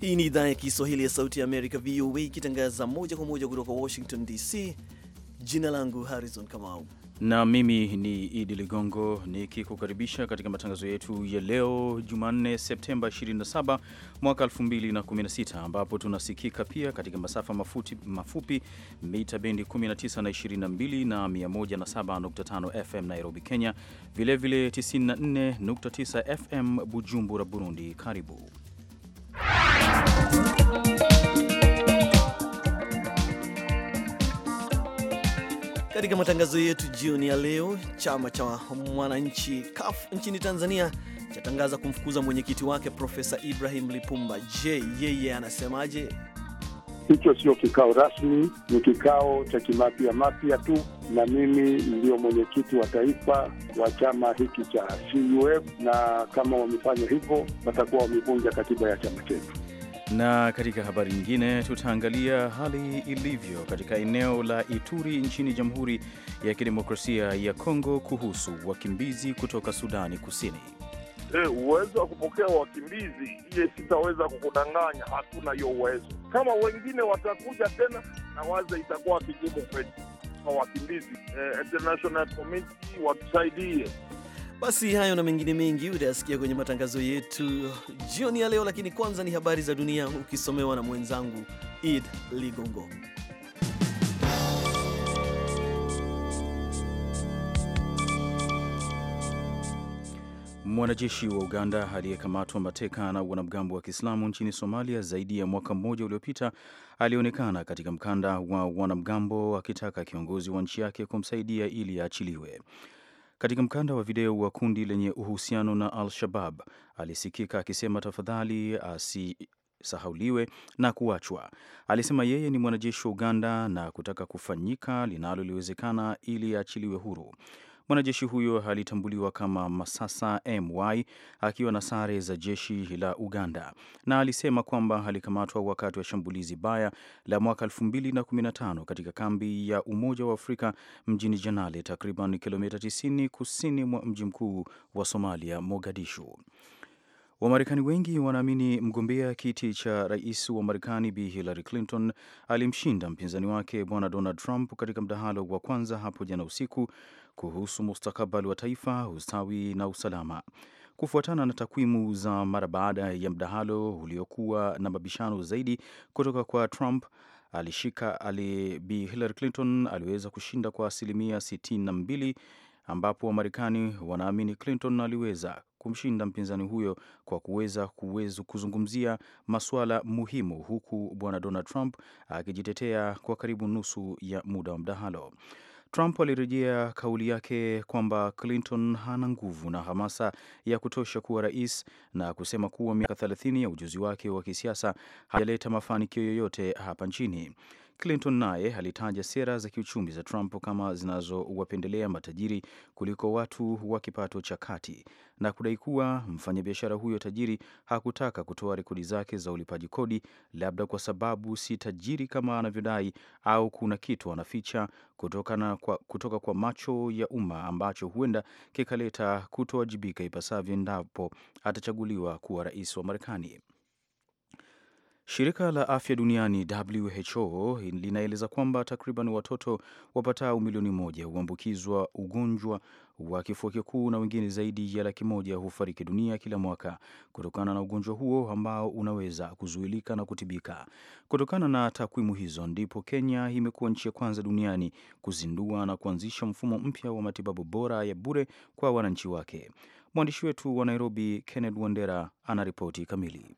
Hii ni idhaa ya Kiswahili ya Sauti ya Amerika, VOA, ikitangaza moja kwa moja kutoka Washington DC. Jina langu Harrison Kamau na mimi ni Idi Ligongo nikikukaribisha katika matangazo yetu ya leo Jumanne, Septemba 27 mwaka 2016, ambapo tunasikika pia katika masafa mafuti, mafupi mita bendi 19 na 22 na 107.5 FM Nairobi, Kenya, vilevile 94.9 FM Bujumbura, Burundi. Karibu katika matangazo yetu jioni ya leo, chama cha mwananchi CUF nchini Tanzania chatangaza kumfukuza mwenyekiti wake Profesa Ibrahim Lipumba. Je, yeye anasemaje? hicho sio kikao rasmi, ni kikao cha kimapya mapya tu, na mimi ndio mwenyekiti wa taifa wa chama hiki cha CUF, na kama wamefanya hivyo watakuwa wamevunja katiba ya chama chetu. Na katika habari nyingine, tutaangalia hali ilivyo katika eneo la Ituri nchini Jamhuri ya Kidemokrasia ya Kongo kuhusu wakimbizi kutoka Sudani Kusini e, uwezo wa kupokea wakimbizi ile sitaweza kukudanganya, hatuna hiyo uwezo. Kama wengine watakuja tena na waza itakuwa kijimu kwetu kwa wakimbizi e, international community watusaidie. Basi hayo na mengine mengi utayasikia kwenye matangazo yetu jioni ya leo, lakini kwanza ni habari za dunia ukisomewa na mwenzangu Id Ligongo. Mwanajeshi wa Uganda aliyekamatwa mateka na wanamgambo wa Kiislamu nchini Somalia zaidi ya mwaka mmoja uliopita alionekana katika mkanda wa wanamgambo akitaka kiongozi wa nchi yake kumsaidia ili aachiliwe. Katika mkanda wa video wa kundi lenye uhusiano na Al-Shabab alisikika akisema tafadhali asisahauliwe na kuachwa. Alisema yeye ni mwanajeshi wa Uganda na kutaka kufanyika linaloliwezekana ili aachiliwe huru. Mwanajeshi huyo alitambuliwa kama Masasa My akiwa na sare za jeshi la Uganda na alisema kwamba alikamatwa wakati wa shambulizi baya la mwaka 2015 katika kambi ya Umoja wa Afrika mjini Janale, takriban kilomita 90 kusini mwa mji mkuu wa Somalia, Mogadishu. Wamarekani wengi wanaamini mgombea kiti cha rais wa Marekani Bi Hillary Clinton alimshinda mpinzani wake Bwana Donald Trump katika mdahalo wa kwanza hapo jana usiku kuhusu mustakabali wa taifa, ustawi na usalama. Kufuatana na takwimu za mara baada ya mdahalo uliokuwa na mabishano zaidi kutoka kwa Trump alishika ali, Bi Hillary Clinton aliweza kushinda kwa asilimia 62, ambapo Wamarekani wanaamini Clinton aliweza kumshinda mpinzani huyo kwa kuweza kuwezu kuzungumzia masuala muhimu, huku bwana Donald Trump akijitetea kwa karibu nusu ya muda wa mdahalo. Trump alirejea kauli yake kwamba Clinton hana nguvu na hamasa ya kutosha kuwa rais na kusema kuwa miaka 30 ya ujuzi wake wa kisiasa hajaleta mafanikio yoyote hapa nchini. Clinton naye alitaja sera za kiuchumi za Trump kama zinazowapendelea matajiri kuliko watu wa kipato cha kati na kudai kuwa mfanyabiashara huyo tajiri hakutaka kutoa rekodi zake za ulipaji kodi, labda kwa sababu si tajiri kama anavyodai au kuna kitu anaficha kutoka kwa, kutoka kwa macho ya umma ambacho huenda kikaleta kutowajibika ipasavyo endapo atachaguliwa kuwa rais wa Marekani. Shirika la afya duniani WHO linaeleza kwamba takriban watoto wapatao milioni moja huambukizwa ugonjwa wa kifua kikuu na wengine zaidi ya laki moja hufariki dunia kila mwaka kutokana na ugonjwa huo ambao unaweza kuzuilika na kutibika. Kutokana na takwimu hizo, ndipo Kenya imekuwa nchi ya kwanza duniani kuzindua na kuanzisha mfumo mpya wa matibabu bora ya bure kwa wananchi wake. Mwandishi wetu wa Nairobi, Kenneth Wandera, anaripoti kamili.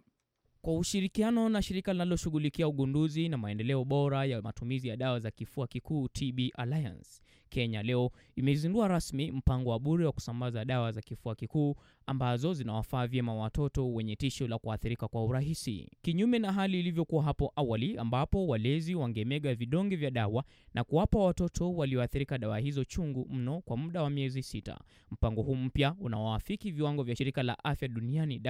Kwa ushirikiano na shirika linaloshughulikia ugunduzi na maendeleo bora ya matumizi ya dawa za kifua kikuu TB Alliance, Kenya leo imezindua rasmi mpango wa bure wa kusambaza dawa za kifua kikuu ambazo zinawafaa vyema watoto wenye tisho la kuathirika kwa urahisi, kinyume na hali ilivyokuwa hapo awali ambapo walezi wangemega vidonge vya dawa na kuwapa watoto walioathirika dawa hizo chungu mno kwa muda wa miezi sita. Mpango huu mpya unawaafiki viwango vya shirika la afya duniani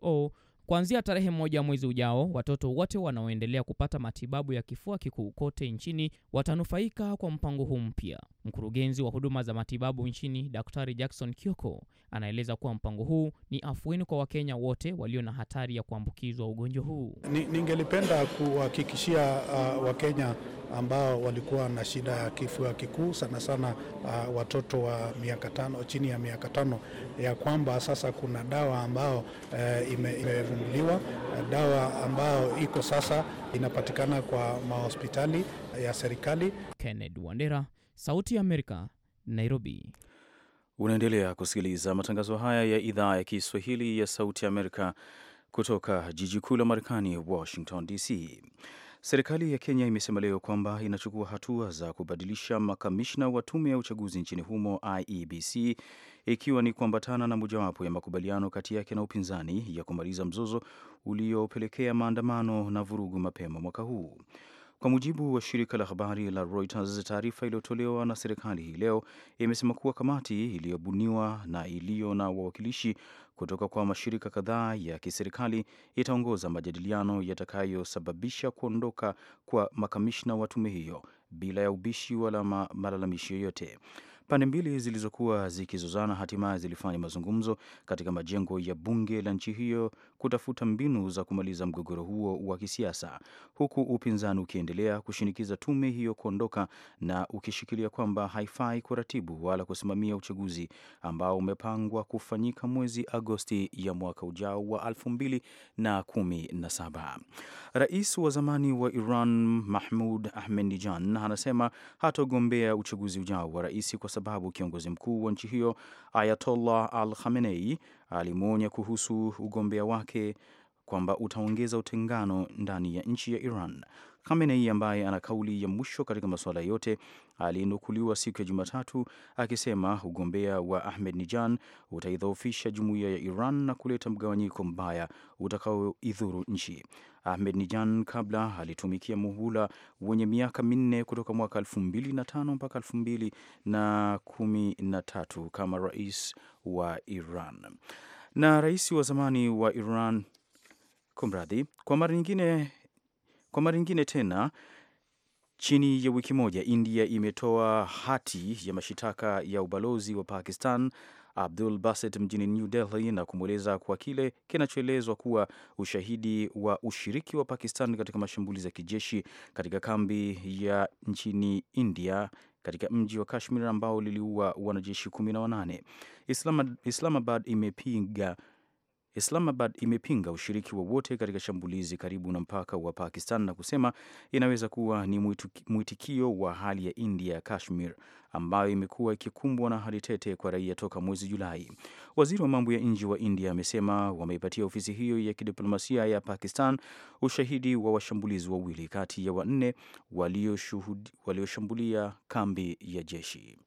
WHO Kuanzia tarehe moja mwezi ujao, watoto wote wanaoendelea kupata matibabu ya kifua kikuu kote nchini watanufaika kwa mpango huu mpya. Mkurugenzi wa huduma za matibabu nchini, Daktari Jackson Kioko, anaeleza kuwa mpango huu ni afueni kwa Wakenya wote walio na hatari ya kuambukizwa ugonjwa huu. Ningelipenda kuhakikishia uh, Wakenya ambao walikuwa na shida ya kifua kikuu sana sana, uh, watoto wa miaka tano, chini ya miaka tano, ya kwamba sasa kuna dawa ambao uh, ime, ime kununuliwa Dawa ambayo iko sasa inapatikana kwa mahospitali ya serikali. Kenneth Wandera, Sauti ya Amerika, Nairobi. Unaendelea kusikiliza matangazo haya ya idhaa ya Kiswahili ya Sauti ya Amerika kutoka jiji kuu la Marekani, Washington DC. Serikali ya Kenya imesema leo kwamba inachukua hatua za kubadilisha makamishna wa tume ya uchaguzi nchini humo IEBC, ikiwa ni kuambatana na mojawapo ya makubaliano kati yake na upinzani ya kumaliza mzozo uliopelekea maandamano na vurugu mapema mwaka huu. Kwa mujibu wa shirika la habari la Reuters, taarifa iliyotolewa na serikali hii leo imesema kuwa kamati iliyobuniwa na iliyo na wawakilishi kutoka kwa mashirika kadhaa ya kiserikali itaongoza majadiliano yatakayosababisha kuondoka kwa makamishna wa tume hiyo bila ya ubishi wala malalamishi yoyote. Pande mbili zilizokuwa zikizozana hatimaye zilifanya mazungumzo katika majengo ya bunge la nchi hiyo kutafuta mbinu za kumaliza mgogoro huo wa kisiasa, huku upinzani ukiendelea kushinikiza tume hiyo kuondoka na ukishikilia kwamba haifai kuratibu wala kusimamia uchaguzi ambao umepangwa kufanyika mwezi Agosti ya mwaka ujao wa 2017. Rais wa zamani wa Iran Mahmud Ahmadinejad anasema hatogombea uchaguzi ujao wa rais kwa sababu kiongozi mkuu wa nchi hiyo Ayatollah Al Khamenei alimwonya kuhusu ugombea wake kwamba utaongeza utengano ndani ya nchi ya Iran Khamenei ambaye ana kauli ya mwisho katika masuala yote, alinukuliwa siku ya Jumatatu akisema ugombea wa ahmed nijan utaidhoofisha jumuiya ya Iran na kuleta mgawanyiko mbaya utakaoidhuru nchi. ahmed nijan kabla alitumikia muhula wenye miaka minne kutoka mwaka tano mpaka tatu kama rais wa Iran. Na rais wa zamani wa Iran Kumradhi, kwa mara nyingine kwa mara nyingine tena chini ya wiki moja, India imetoa hati ya mashitaka ya ubalozi wa Pakistan Abdul Basit mjini New Delhi na kumweleza kwa kile kinachoelezwa kuwa ushahidi wa ushiriki wa Pakistan katika mashambulizi ya kijeshi katika kambi ya nchini India katika mji wa Kashmir ambao liliua wanajeshi kumi na wanane. Islamabad imepinga Islamabad imepinga ushiriki wowote katika shambulizi karibu na mpaka wa Pakistan na kusema inaweza kuwa ni mwitikio wa hali ya India ya Kashmir ambayo imekuwa ikikumbwa na hali tete kwa raia toka mwezi Julai. Waziri wa mambo ya nje wa India amesema wameipatia ofisi hiyo ya kidiplomasia ya Pakistan ushahidi wa washambulizi wawili kati ya wanne walioshambulia kambi ya jeshi.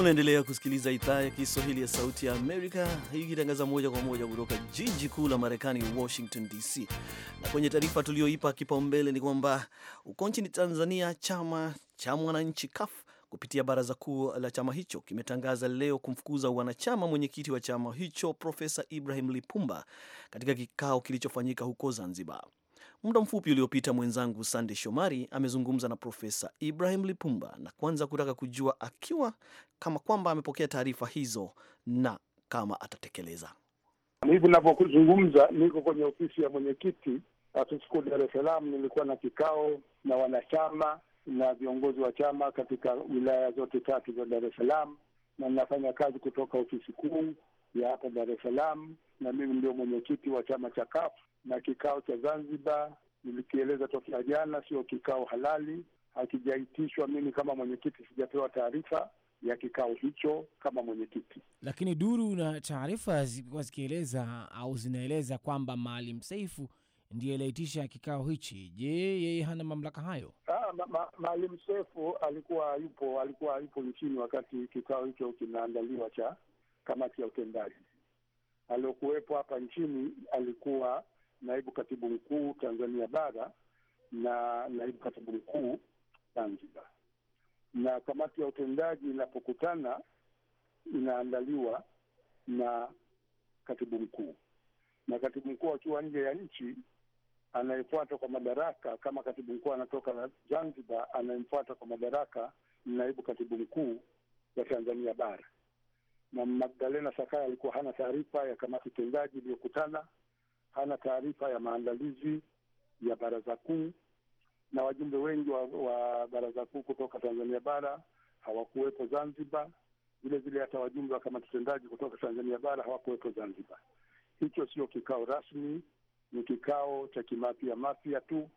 Unaendelea kusikiliza idhaa ya Kiswahili ya Sauti ya Amerika ikitangaza moja kwa moja kutoka jiji kuu la Marekani, Washington DC. Na kwenye taarifa tuliyoipa kipaumbele ni kwamba uko nchini Tanzania, chama cha mwananchi CUF kupitia baraza kuu la chama hicho kimetangaza leo kumfukuza wanachama mwenyekiti wa chama hicho Profesa Ibrahim Lipumba katika kikao kilichofanyika huko Zanzibar. Muda mfupi uliopita mwenzangu Sande Shomari amezungumza na Profesa Ibrahim Lipumba na kwanza kutaka kujua akiwa kama kwamba amepokea taarifa hizo na kama atatekeleza. Hivi navyozungumza niko kwenye ofisi ya mwenyekiti afisi kuu Dar es Salaam. Nilikuwa na kikao na wanachama na viongozi wa chama katika wilaya zote tatu za Dar es Salaam, na ninafanya kazi kutoka ofisi kuu ya hapa Dar es Salaam, na mimi ndio mwenyekiti wa chama cha CUF, na kikao cha Zanzibar nilikieleza tokea jana, sio kikao halali, hakijaitishwa. Mimi kama mwenyekiti sijapewa taarifa ya kikao hicho kama mwenyekiti. Lakini duru na taarifa zilikuwa zikieleza au zinaeleza kwamba Maalim seifu ndiye aliitisha kikao hichi. Je, yeye hana mamlaka hayo? Ah, ma, ma, Seifu alikuwa yupo, alikuwa yupo nchini wakati kikao hicho kinaandaliwa cha kamati ya utendaji. Aliokuwepo hapa nchini alikuwa naibu katibu mkuu Tanzania bara na naibu katibu mkuu Zanzibar. Na kamati ya utendaji inapokutana inaandaliwa na katibu mkuu, na katibu mkuu akiwa nje ya nchi anayefuata kwa madaraka, kama katibu mkuu anatoka Zanzibar, anayemfuata kwa madaraka ni naibu katibu mkuu wa Tanzania bara na Magdalena Sakaya alikuwa hana taarifa ya kamati tendaji iliyokutana, hana taarifa ya maandalizi ya baraza kuu, na wajumbe wengi wa, wa baraza kuu kutoka Tanzania bara hawakuwepo Zanzibar. Vile vile hata wajumbe wa kamati tendaji kutoka Tanzania bara hawakuwepo Zanzibar. Hicho sio kikao rasmi, ni kikao cha kimafia mafia tu,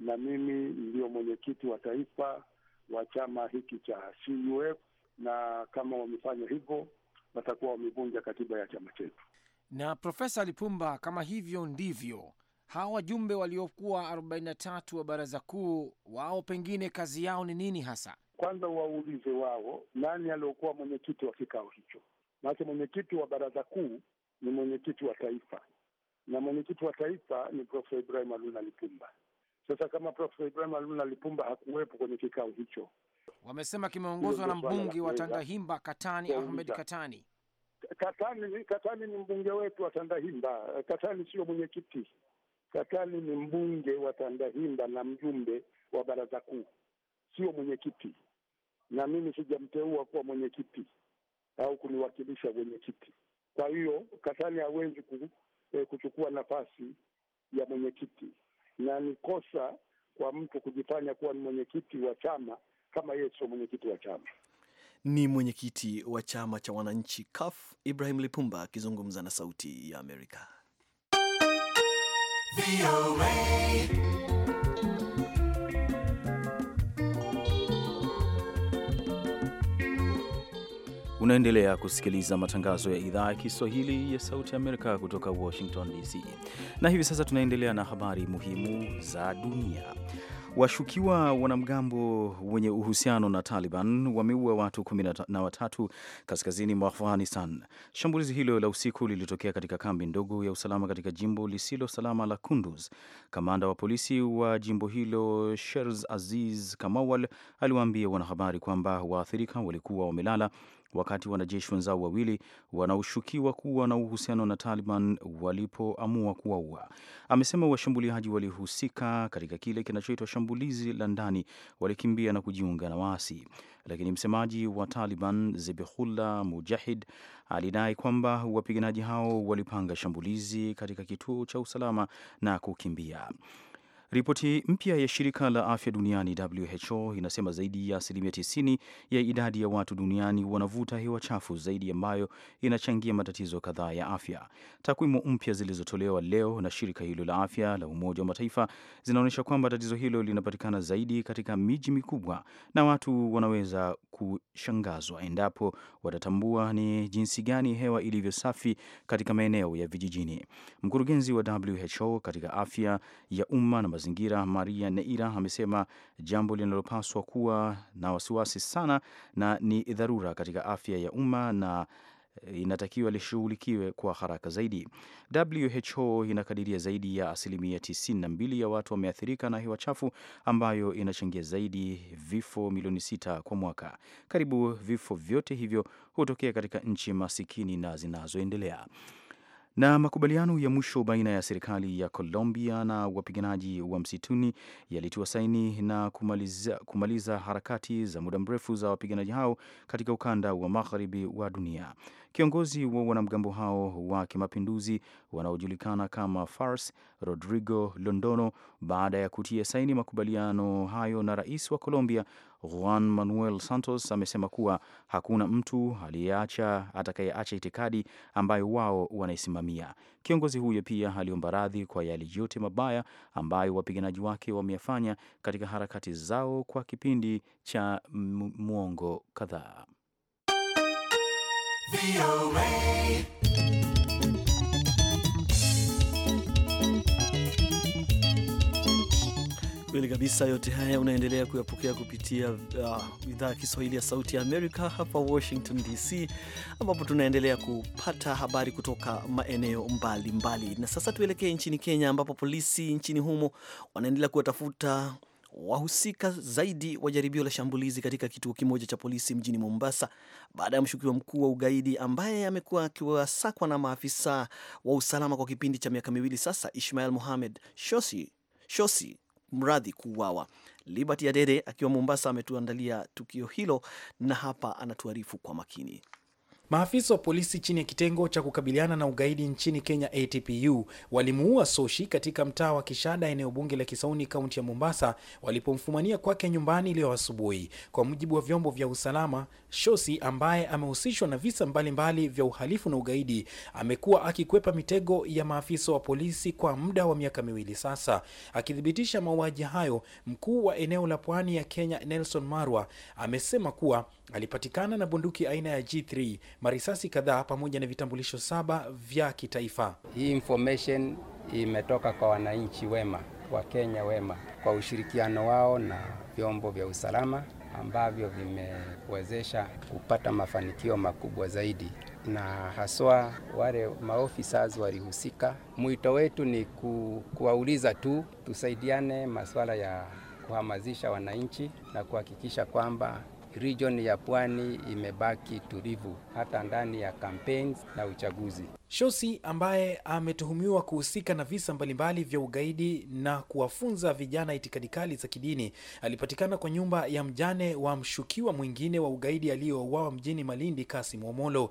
na mimi ndio mwenyekiti wa taifa wa chama hiki cha CUF, na kama wamefanya hivyo watakuwa wamevunja katiba ya chama chetu. Na Profesa Lipumba, kama hivyo ndivyo, hawa wajumbe waliokuwa 43 wa baraza kuu, wao pengine kazi yao ni nini hasa? Kwanza waulize wao, nani aliokuwa mwenyekiti wa kikao hicho? Maanake mwenyekiti wa baraza kuu ni mwenyekiti wa taifa, na mwenyekiti wa taifa ni Profesa Ibrahim aluna Lipumba. Sasa kama Profesa Ibrahim aluna Lipumba hakuwepo kwenye kikao hicho, wamesema kimeongozwa na mbunge wa Tandahimba Katani Ahmed Katani. Katani, Katani ni mbunge wetu wa Tandahimba. Katani sio mwenyekiti. Katani ni mbunge wa Tandahimba na mjumbe wa baraza kuu, sio mwenyekiti. Na mimi sijamteua kuwa mwenyekiti au kuniwakilisha mwenyekiti. Kwa hiyo Katani hawezi eh, kuchukua nafasi ya mwenyekiti, na ni kosa kwa mtu kujifanya kuwa ni mwenyekiti wa chama kama yeye sio mwenyekiti wa chama. Ni mwenyekiti wa chama cha wananchi CUF Ibrahim Lipumba akizungumza na Sauti ya Amerika. Unaendelea kusikiliza matangazo ya idhaa ya Kiswahili ya Sauti Amerika kutoka Washington DC, na hivi sasa tunaendelea na habari muhimu za dunia. Washukiwa wanamgambo wenye uhusiano na Taliban wameua watu kumi na watatu kaskazini mwa Afghanistan. Shambulizi hilo la usiku lilitokea katika kambi ndogo ya usalama katika jimbo lisilo salama la Kunduz. Kamanda wa polisi wa jimbo hilo Shers Aziz Kamawal aliwaambia wanahabari kwamba waathirika walikuwa wamelala wakati wanajeshi wenzao wawili wanaoshukiwa kuwa na uhusiano na Taliban walipoamua kuwaua. Amesema washambuliaji walihusika katika kile kinachoitwa shambulizi la ndani, walikimbia na kujiunga na waasi, lakini msemaji wa Taliban Zebihullah Mujahid alidai kwamba wapiganaji hao walipanga shambulizi katika kituo cha usalama na kukimbia. Ripoti mpya ya shirika la afya duniani WHO inasema zaidi ya asilimia 90 ya idadi ya watu duniani wanavuta hewa chafu zaidi, ambayo inachangia matatizo kadhaa ya afya. Takwimu mpya zilizotolewa leo na shirika hilo la afya la Umoja wa Mataifa zinaonyesha kwamba tatizo hilo linapatikana zaidi katika miji mikubwa, na watu wanaweza kushangazwa endapo watatambua ni jinsi gani hewa ilivyo safi katika maeneo ya vijijini. Mkurugenzi wa WHO katika afya ya umma na mazingira Maria Neira amesema jambo linalopaswa kuwa na wasiwasi sana na ni dharura katika afya ya umma na eh, inatakiwa lishughulikiwe kwa haraka zaidi. WHO inakadiria zaidi ya asilimia 92 ya watu wameathirika na hewa chafu ambayo inachangia zaidi vifo milioni sita kwa mwaka. Karibu vifo vyote hivyo hutokea katika nchi masikini na zinazoendelea. Na makubaliano ya mwisho baina ya serikali ya Colombia na wapiganaji wa msituni yalitiwa saini na kumaliza, kumaliza harakati za muda mrefu za wapiganaji hao katika ukanda wa magharibi wa dunia. Kiongozi wa wanamgambo hao wa kimapinduzi wanaojulikana kama FARC, Rodrigo Londono, baada ya kutia saini makubaliano hayo na rais wa Colombia Juan Manuel Santos amesema kuwa hakuna mtu aliyeacha atakayeacha itikadi ambayo wao wanaisimamia. Kiongozi huyo pia aliomba radhi kwa yale yote mabaya ambayo wapiganaji wake wameyafanya katika harakati zao kwa kipindi cha mwongo kadhaa. Kweli kabisa, yote haya unaendelea kuyapokea kupitia uh, idhaa ya Kiswahili ya Sauti ya Amerika hapa Washington DC, ambapo tunaendelea kupata habari kutoka maeneo mbalimbali mbali. Na sasa tuelekee nchini Kenya, ambapo polisi nchini humo wanaendelea kuwatafuta wahusika zaidi wa jaribio la shambulizi katika kituo kimoja cha polisi mjini Mombasa baada ya mshukiwa mkuu wa ugaidi ambaye amekuwa akiwasakwa na maafisa wa usalama kwa kipindi cha miaka miwili sasa, Ismail Mohamed Shosi Shosi mradhi kuuawa. Liberty Adede akiwa Mombasa ametuandalia tukio hilo na hapa anatuarifu kwa makini. Maafisa wa polisi chini ya kitengo cha kukabiliana na ugaidi nchini Kenya ATPU walimuua Soshi katika mtaa wa Kishada, eneo bunge la Kisauni, kaunti ya Mombasa, walipomfumania kwake nyumbani leo asubuhi. Kwa mujibu wa vyombo vya usalama, Shosi ambaye amehusishwa na visa mbalimbali mbali vya uhalifu na ugaidi amekuwa akikwepa mitego ya maafisa wa polisi kwa muda wa miaka miwili sasa. Akithibitisha mauaji hayo, mkuu wa eneo la pwani ya Kenya Nelson Marwa amesema kuwa alipatikana na bunduki aina ya G3, marisasi kadhaa pamoja na vitambulisho saba vya kitaifa. Hii information imetoka kwa wananchi wema wa Kenya wema kwa ushirikiano wao na vyombo vya usalama ambavyo vimewezesha kupata mafanikio makubwa zaidi, na haswa wale maofisa walihusika. Mwito wetu ni ku, kuwauliza tu tusaidiane masuala ya kuhamasisha wananchi na kuhakikisha kwamba region ya Pwani imebaki tulivu hata ndani ya campaigns na uchaguzi. Shosi ambaye ametuhumiwa kuhusika na visa mbalimbali vya ugaidi na kuwafunza vijana itikadi kali za kidini alipatikana kwa nyumba ya mjane wa mshukiwa mwingine wa ugaidi aliyouawa mjini Malindi, Kasim Omolo.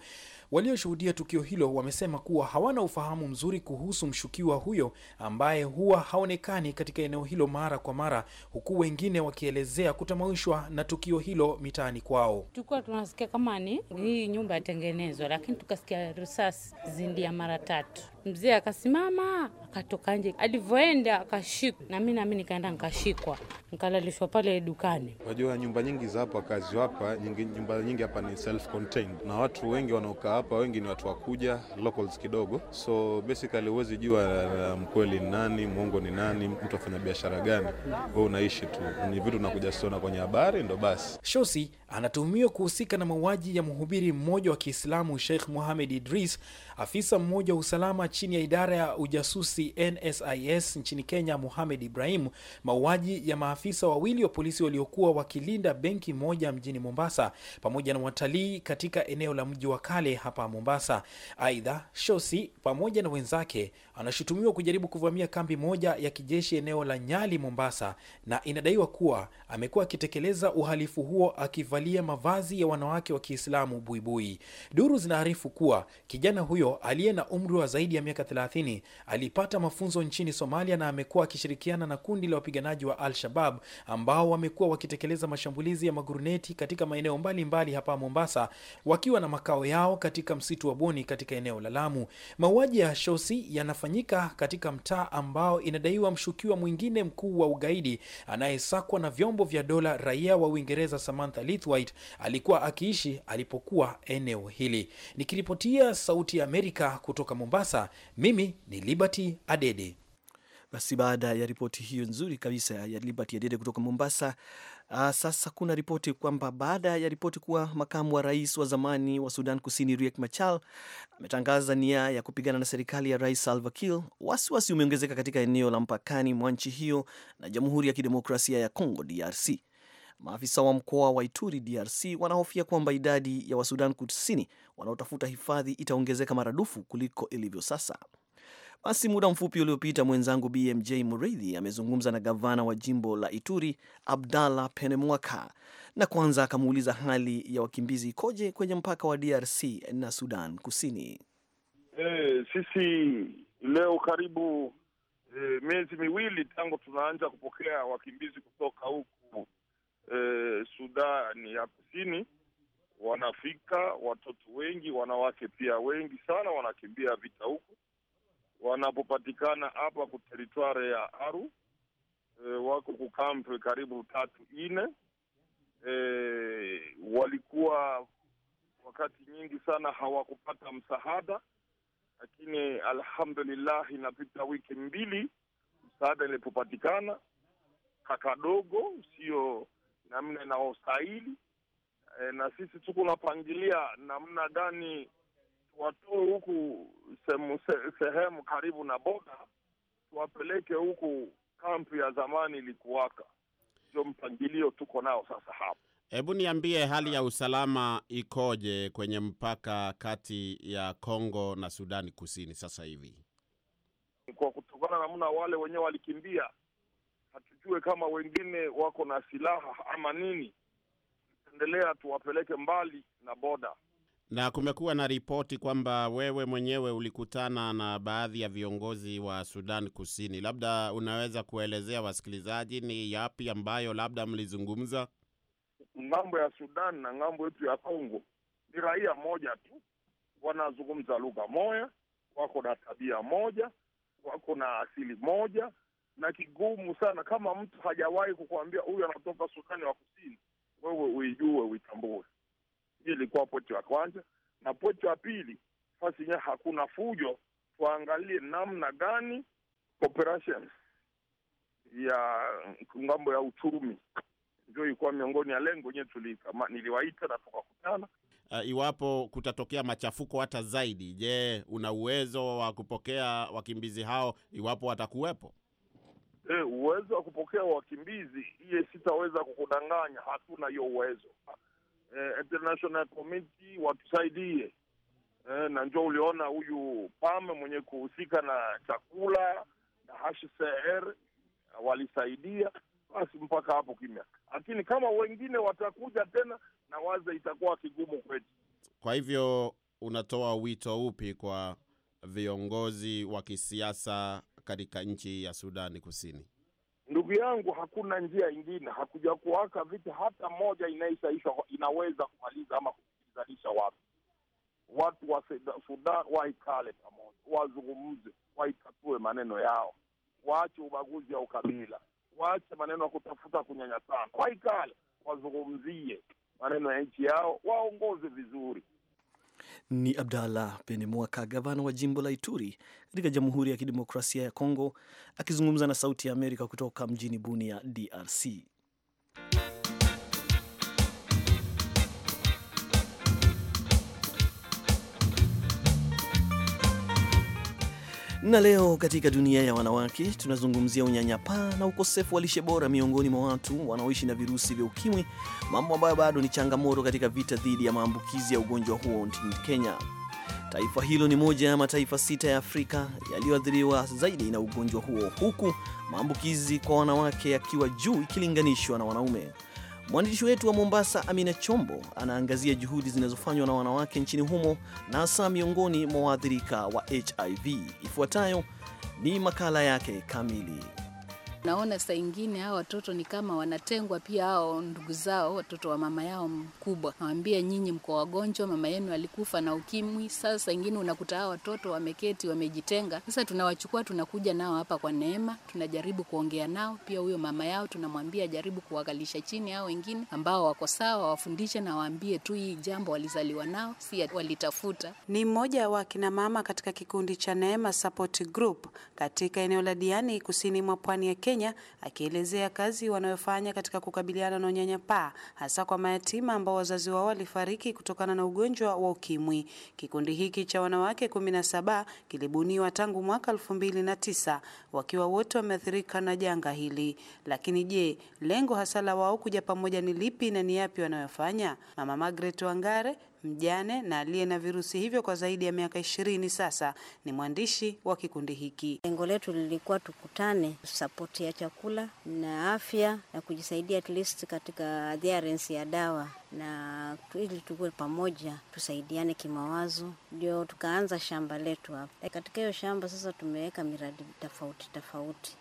Walioshuhudia tukio hilo wamesema kuwa hawana ufahamu mzuri kuhusu mshukiwa huyo ambaye huwa haonekani katika eneo hilo mara kwa mara, huku wengine wakielezea kutamaishwa na tukio hilo mitaani kwao. Tulikuwa tunasikia kama ni hii nyumba yatengenezwa, lakini tukasikia risasi akakimbia mara tatu. Mzee akasimama akatoka nje, alivyoenda akashikwa na mi nami nikaenda nkashikwa nkalalishwa pale dukani. Unajua nyumba nyingi za hapa kazi hapa nyingi, nyumba nyingi hapa ni self contained, na watu wengi wanaokaa hapa wengi ni watu wakuja locals kidogo, so basically huwezi jua mkweli um, ni nani, mwongo ni nani, mtu afanya biashara gani. We unaishi tu, ni vitu nakuja siona kwenye habari ndo basi. Shosi anatuhumiwa kuhusika na mauaji ya mhubiri mmoja wa Kiislamu Sheikh Mohamed Idris, afisa mmoja wa usalama chini ya idara ya ujasusi NSIS nchini Kenya, Mohamed Ibrahim, mauaji ya maafisa wawili wa polisi waliokuwa wakilinda benki moja mjini Mombasa, pamoja na watalii katika eneo la mji wa kale hapa Mombasa. Aidha, Shosi pamoja na wenzake anashutumiwa kujaribu kuvamia kambi moja ya kijeshi eneo la Nyali, Mombasa, na inadaiwa kuwa amekuwa akitekeleza uhalifu huo akiva aliyevalia mavazi ya wanawake wa Kiislamu buibui. Duru zinaarifu kuwa kijana huyo aliye na umri wa zaidi ya miaka 30 alipata mafunzo nchini Somalia na amekuwa akishirikiana na kundi la wapiganaji wa Al-Shabab ambao wamekuwa wakitekeleza mashambulizi ya maguruneti katika maeneo mbalimbali hapa Mombasa, wakiwa na makao yao katika msitu wa Boni katika eneo la Lamu. Mauaji ya Shosi yanafanyika katika mtaa ambao inadaiwa mshukiwa mwingine mkuu wa ugaidi anayesakwa na vyombo vya dola, raia wa Uingereza Samantha Lithu White alikuwa akiishi alipokuwa eneo hili. Nikiripotia Sauti ya Amerika kutoka Mombasa, mimi ni Liberty Adede. Basi baada ya ripoti hiyo nzuri kabisa ya Liberty Adede kutoka Mombasa. Uh, sasa kuna ripoti kwamba baada ya ripoti kuwa makamu wa rais wa zamani wa Sudan Kusini Riek Machar ametangaza nia ya kupigana na serikali ya Rais Salva Kiir, wasiwasi umeongezeka katika eneo la mpakani mwa nchi hiyo na Jamhuri ya Kidemokrasia ya Kongo DRC. Maafisa wa mkoa wa Ituri, DRC, wanahofia kwamba idadi ya Wasudan Kusini wanaotafuta hifadhi itaongezeka maradufu kuliko ilivyo sasa. Basi muda mfupi uliopita mwenzangu BMJ Mureithi amezungumza na gavana wa jimbo la Ituri, Abdallah Penemwaka, na kwanza akamuuliza hali ya wakimbizi ikoje kwenye mpaka wa DRC na Sudan Kusini. Eh, sisi leo karibu eh, miezi miwili tangu tunaanza kupokea wakimbizi kutoka huko eh, Sudani ya Kusini wanafika watoto wengi, wanawake pia wengi sana wanakimbia vita huku, wanapopatikana hapa ku teritware ya Aru e, wako kukampe karibu tatu ine. E, eh, walikuwa wakati nyingi sana hawakupata msaada, lakini alhamdulillah, inapita wiki mbili msaada ilipopatikana kakadogo sio namna inaostahili e, eh, na sisi tuko napangilia namna gani watoe huku sehemu se, sehemu karibu na boda tuwapeleke huku kampu ya zamani ilikuwaka. Ndio mpangilio tuko nao sasa hapa. Hebu niambie hali ya usalama ikoje kwenye mpaka kati ya Kongo na Sudani Kusini sasa hivi? Kwa kutokana na wale wenyewe walikimbia wasijue kama wengine wako na silaha ama nini. Endelea tuwapeleke mbali na boda. Na kumekuwa na ripoti kwamba wewe mwenyewe ulikutana na baadhi ya viongozi wa Sudan Kusini, labda unaweza kuelezea wasikilizaji ni yapi ambayo labda mlizungumza? Ng'ambo ya Sudan na ng'ambo yetu ya Kongo ni raia moja tu, wanazungumza lugha moja, wako na tabia moja, wako na asili moja, na kigumu sana. Kama mtu hajawahi kukuambia huyu anatoka Sudani wa Kusini, wewe uijue, uitambue. Hii ilikuwa pochi ya kwanza, na pochi ya pili, fasi yenyewe hakuna fujo. Tuangalie namna gani cooperation ya ngambo ya uchumi ndio ilikuwa miongoni ya lengo yenyewe tulikama, na tukakutana. Uh, iwapo kutatokea machafuko hata zaidi, je, una uwezo wa kupokea wakimbizi hao iwapo watakuwepo? e, uwezo wa kupokea wakimbizi hiye, sitaweza kukudanganya, hatuna hiyo uwezo e, international committee watusaidie e, na njo uliona huyu Pame mwenye kuhusika na chakula na HCR walisaidia basi mpaka hapo kimya, lakini kama wengine watakuja tena na waza, itakuwa kigumu kwetu. Kwa hivyo unatoa wito upi kwa viongozi wa kisiasa katika nchi ya Sudani Kusini? Ndugu yangu, hakuna njia ingine, hakuja kuwaka vita hata moja inayesaishwa inaweza kumaliza ama kuizalisha watu. Watu wa Sudan waikale pamoja, wazungumze, waitatue maneno yao, waache ubaguzi wa ukabila waache maneno ya kutafuta kunyanyasana, waikale, wazungumzie maneno ya nchi yao, waongoze vizuri ni Abdallah mwaka gavana wa jimbo la Ituri katika Jamhuri ya Kidemokrasia ya Kongo, akizungumza na Sauti ya Amerika kutoka mjini Bunia, DRC. Na leo katika dunia ya wanawake tunazungumzia unyanyapaa na ukosefu wa lishe bora miongoni mwa watu wanaoishi na virusi vya ukimwi, mambo ambayo bado ni changamoto katika vita dhidi ya maambukizi ya ugonjwa huo nchini Kenya. Taifa hilo ni moja ya mataifa sita ya Afrika yaliyoathiriwa zaidi na ugonjwa huo, huku maambukizi kwa wanawake yakiwa juu ikilinganishwa na wanaume. Mwandishi wetu wa Mombasa, Amina Chombo, anaangazia juhudi zinazofanywa na wanawake nchini humo na hasa miongoni mwa waathirika wa HIV. Ifuatayo ni makala yake kamili naona saa ingine hao watoto ni kama wanatengwa pia, hao ndugu zao, watoto wa mama yao mkubwa, nawaambia nyinyi mko wagonjwa, mama yenu alikufa na ukimwi. Sasa saa ingine unakuta hao watoto wameketi, wamejitenga. Sasa tunawachukua tunakuja nao hapa kwa Neema, tunajaribu kuongea nao pia. Huyo mama yao tunamwambia jaribu kuwagalisha chini hao wengine ambao wako sawa, wawafundishe na waambie tu hii jambo walizaliwa nao, si walitafuta. Ni mmoja wa kina mama katika kikundi cha Neema Support Group katika eneo la Diani kusini mwa pwani ya Kenya Kenya akielezea kazi wanayofanya katika kukabiliana na unyanyapaa hasa kwa mayatima ambao wazazi wao walifariki kutokana na ugonjwa wa ukimwi. Kikundi hiki cha wanawake kumi na saba kilibuniwa tangu mwaka elfu mbili na tisa wakiwa wote wameathirika na janga hili. Lakini je, lengo hasa la wao kuja pamoja ni lipi na ni yapi wanayofanya? Mama Margaret Wangare Mjane na aliye na virusi hivyo kwa zaidi ya miaka ishirini sasa ni mwandishi wa kikundi hiki. Lengo letu lilikuwa tukutane, sapoti ya chakula na afya na kujisaidia at least katika adherence ya dawa, na ili tukuwe pamoja, tusaidiane kimawazo, ndio tukaanza shamba letu hapa. E, katika hiyo shamba sasa tumeweka miradi tofauti tofauti.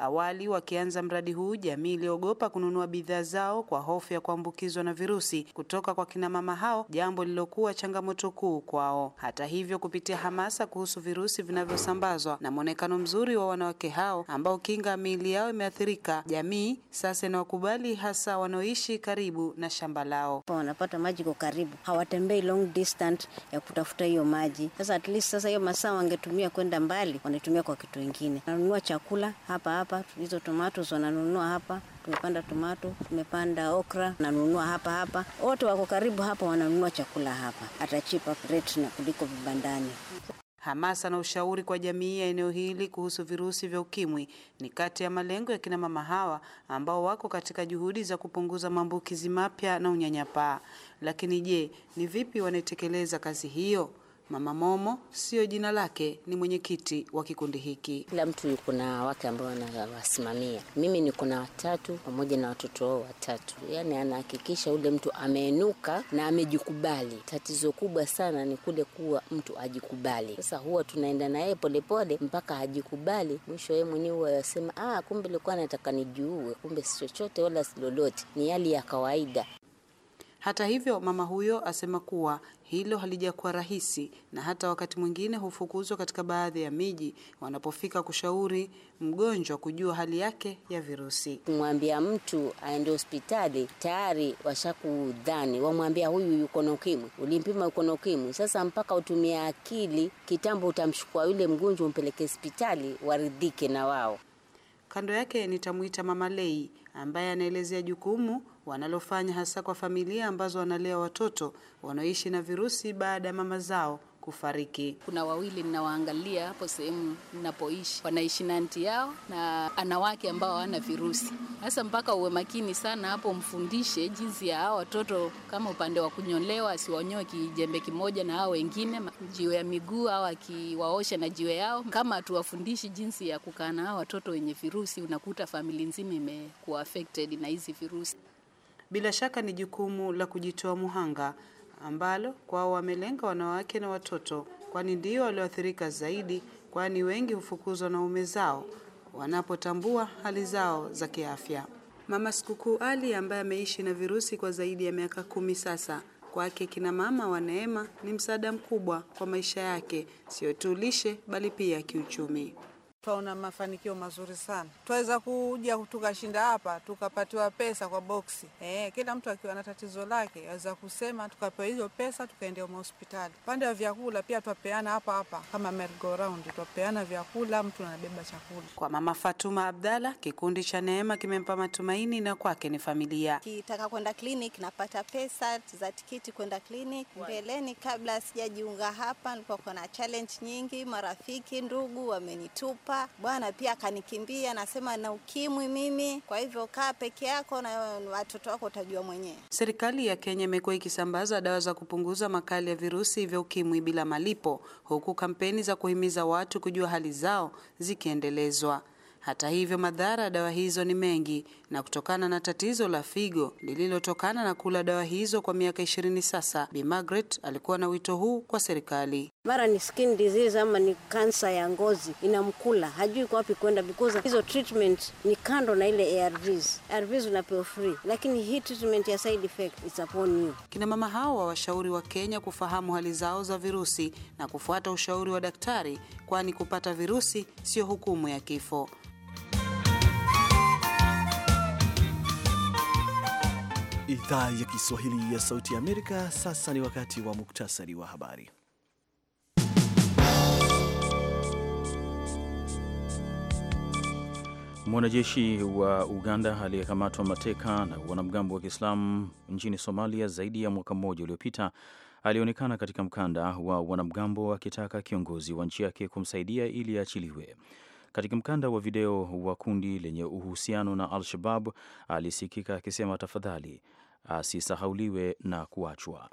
Awali wakianza mradi huu, jamii iliogopa kununua bidhaa zao kwa hofu ya kuambukizwa na virusi kutoka kwa kinamama hao, jambo lilokuwa changamoto kuu kwao. Hata hivyo, kupitia hamasa kuhusu virusi vinavyosambazwa na mwonekano mzuri wa wanawake hao ambao kinga miili yao imeathirika, jamii sasa inawakubali, hasa wanaoishi karibu na shamba lao. Wanapata maji kwa karibu, hawatembei long distance ya kutafuta hiyo maji. Sasa at least sasa hiyo masaa wangetumia kwenda mbali, wanatumia kwa kitu kingine, wananunua chakula hapa hapa hapa, hizo tomato wananunua hapa, tumepanda tomato, tumepanda okra, nanunua hapa hapa, wote wako karibu hapa, wananunua chakula hapa, atachipa rate na kuliko vibandani. Hamasa na ushauri kwa jamii ya eneo hili kuhusu virusi vya ukimwi ni kati ya malengo ya kina mama hawa ambao wako katika juhudi za kupunguza maambukizi mapya na unyanyapaa. Lakini je, ni vipi wanaitekeleza kazi hiyo? Mama Momo sio jina lake, ni mwenyekiti wa kikundi hiki. Kila mtu yuko na wake ambao anawasimamia. Mimi niko na watatu pamoja na watoto wao watatu, yaani anahakikisha ule mtu ameinuka na amejikubali. Tatizo kubwa sana ni kule kuwa mtu ajikubali. Sasa huwa tunaenda na yeye polepole mpaka ajikubali, mwisho yeye mwenyewe huwa yasema, ah, kumbe likuwa nataka nijuue, kumbe si chochote wala si lolote, ni hali ya kawaida. Hata hivyo, mama huyo asema kuwa hilo halijakuwa rahisi na hata wakati mwingine hufukuzwa katika baadhi ya miji wanapofika kushauri mgonjwa kujua hali yake ya virusi. Kumwambia mtu aende hospitali tayari washakudhani, wamwambia huyu yuko na ukimwi, ulimpima yuko na ukimwi. Sasa mpaka utumia akili kitambo, utamchukua yule mgonjwa umpeleke hospitali waridhike na wao. Kando yake nitamwita Mama Lei ambaye anaelezea jukumu wanalofanya hasa kwa familia ambazo wanalea watoto wanaoishi na virusi baada ya mama zao kufariki. Kuna wawili ninawaangalia hapo sehemu ninapoishi, wanaishi na anti yao na anawake ambao hawana virusi. Sasa mpaka uwe makini sana hapo, mfundishe jinsi ya hao watoto, kama upande wa kunyolewa, asiwanyoe kijembe kimoja na hao wengine, jiwe ya miguu au akiwaosha na jiwe yao. Kama hatuwafundishi jinsi ya kukaa na hao watoto wenye virusi, unakuta famili nzima imekuwa affected na hizi virusi bila shaka ni jukumu la kujitoa muhanga ambalo kwao wamelenga wanawake na watoto, kwani ndio walioathirika zaidi, kwani wengi hufukuzwa na ume zao wanapotambua hali zao za kiafya. Mama Sikukuu Ali ambaye ameishi na virusi kwa zaidi ya miaka kumi sasa, kwake kina mama wa Neema ni msaada mkubwa kwa maisha yake, sio tu lishe bali pia kiuchumi. Twaona mafanikio mazuri sana, twaweza kuja tukashinda hapa tukapatiwa pesa kwa boksi e, kila mtu akiwa na tatizo lake aweza kusema, tukapewa hizo pesa tukaendea mahospitali. Upande wa vyakula pia twapeana hapa hapa kama merry-go-round, twapeana vyakula, mtu anabeba chakula. Kwa Mama Fatuma Abdalla, kikundi cha Neema kimempa matumaini na kwake ni familia. Kitaka kwenda klinik napata pesa za tikiti kwenda klinik Mbeleni kabla sijajiunga hapa nilikuwa na challenge nyingi, marafiki ndugu wamenitupa hapa. Bwana pia akanikimbia, nasema na ukimwi mimi, kwa hivyo kaa peke yako na watoto wako utajua mwenyewe. Serikali ya Kenya imekuwa ikisambaza dawa za kupunguza makali ya virusi vya ukimwi bila malipo, huku kampeni za kuhimiza watu kujua hali zao zikiendelezwa. Hata hivyo madhara ya dawa hizo ni mengi, na kutokana na tatizo la figo lililotokana na kula dawa hizo kwa miaka ishirini sasa, Bi Margaret alikuwa na wito huu kwa serikali mara ni skin disease ama ni kansa ya ngozi inamkula, hajui kwa wapi kwenda, because hizo treatment ni kando na ile ARVs. ARVs unapewa free, lakini hii treatment ya side effect is upon you. Kina mama hao washauri wa Kenya kufahamu hali zao za virusi na kufuata ushauri wa daktari, kwani kupata virusi sio hukumu ya kifo. Idhaa ya Kiswahili ya Sauti ya Amerika. Sasa ni wakati wa muktasari wa habari. Mwanajeshi wa Uganda aliyekamatwa mateka na wanamgambo wa Kiislamu nchini Somalia zaidi ya mwaka mmoja uliopita alionekana katika mkanda wa wanamgambo akitaka kiongozi wa nchi yake kumsaidia ili aachiliwe. Katika mkanda wa video wa kundi lenye uhusiano na Al-Shabab alisikika akisema tafadhali asisahauliwe na kuachwa.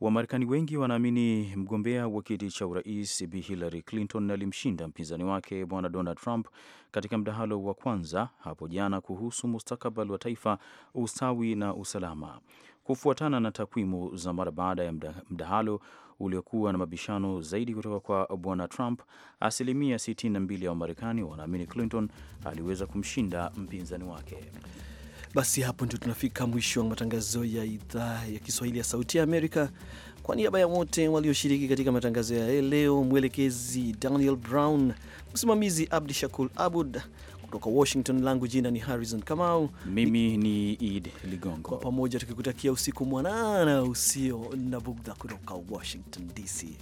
Wamarekani wengi wanaamini mgombea wa kiti cha urais Bi Hillary Clinton alimshinda mpinzani wake Bwana Donald Trump katika mdahalo wa kwanza hapo jana kuhusu mustakabali wa taifa, ustawi na usalama. Kufuatana na takwimu za mara baada ya mdahalo uliokuwa na mabishano zaidi kutoka kwa Bwana Trump, asilimia 62 ya Wamarekani wanaamini Clinton aliweza kumshinda mpinzani wake. Basi hapo ndio tunafika mwisho wa matangazo ya idhaa ya Kiswahili ya Sauti ya Amerika. Kwa niaba ya wote walioshiriki katika matangazo ya leo, mwelekezi Daniel Brown, msimamizi Abdi Shakur Abud kutoka Washington, langu jina ni Harrison Kamau, mimi ni Id Ligongo, kwa pamoja tukikutakia usiku mwanana usio na bugdha kutoka Washington DC.